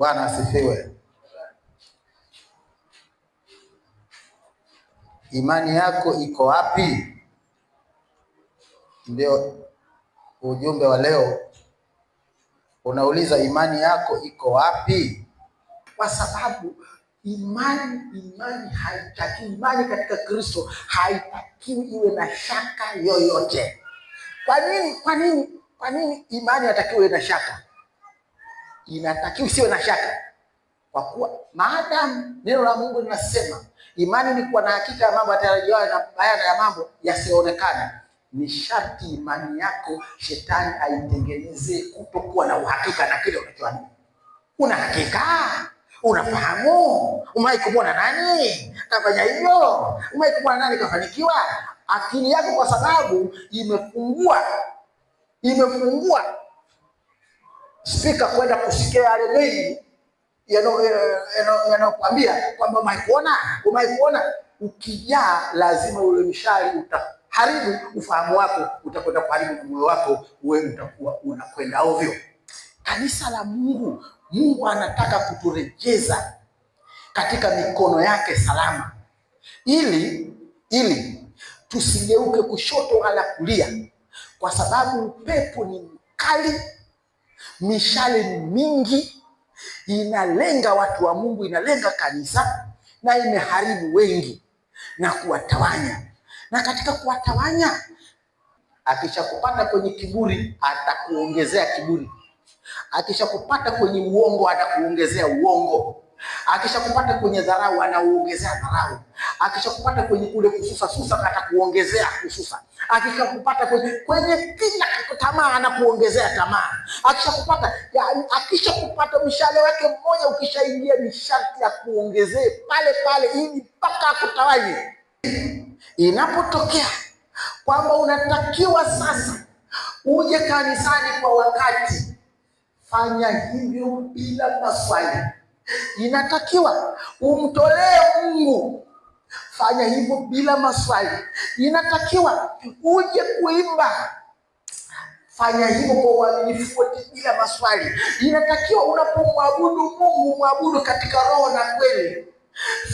Bwana asifiwe. Imani yako iko wapi? Ndio ujumbe wa leo unauliza, imani yako iko wapi? Kwa sababu imani imani haitaki imani katika Kristo haitakiwi iwe na shaka yoyote. Kwa nini? Kwa nini? Kwa nini imani hatakiwi na shaka? inatakiwa usiwe na shaka, kwa kuwa maadamu neno la Mungu linasema imani ni kuwa na hakika ya mambo yatarajiwayo na bayana ya mambo yasiyoonekana, ni sharti imani yako shetani aitengeneze kutokuwa na uhakika na kile unachoamini. Una hakika? Unafahamu? Umewahi kumwona nani kafanya hivyo? Umewahi kumwona nani kafanikiwa? Akili yako kwa sababu imefungua imefungua spika kwenda kusikia yale mengi eh, yanayokwambia kwamba umaikuona umaikuona. Ukijaa lazima ule mshari utaharibu ufahamu wako, utakwenda kuharibu na moyo wako, wewe utakuwa unakwenda ovyo. Kanisa la Mungu, Mungu anataka kuturejeza katika mikono yake salama, ili ili tusigeuke kushoto wala kulia, kwa sababu upepo ni mkali Mishale ni mingi, inalenga watu wa Mungu, inalenga kanisa na imeharibu wengi na kuwatawanya. Na katika kuwatawanya, akishakupata kwenye kiburi atakuongezea kiburi, akishakupata kwenye uongo atakuongezea uongo. Akishakupata kwenye dharau anauongezea dharau, akishakupata kwenye kule kususa susa atakuongezea kususa, akishakupata kwenye kwenye kila tamaa anakuongezea tamaa, akishakupata akishakupata mshale wake mmoja ukishaingia ni sharti ya pale pale ili mpaka akutawaji. Inapotokea kwamba unatakiwa sasa uje kanisani kwa wakati, fanya hivyo bila maswali. Inatakiwa umtolee Mungu, fanya hivyo bila maswali. Inatakiwa uje kuimba fanya hivyo kwa uaminifu wote bila maswali. Inatakiwa unapomwabudu Mungu mwabudu katika roho na kweli.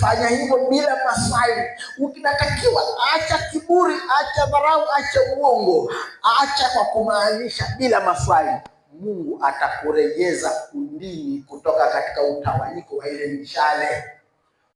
Fanya hivyo bila maswali. Unatakiwa acha kiburi, acha dharau, acha uongo, acha kwa kumaanisha bila maswali. Mungu atakurejeza dini kutoka katika utawanyiko wa ile mishale.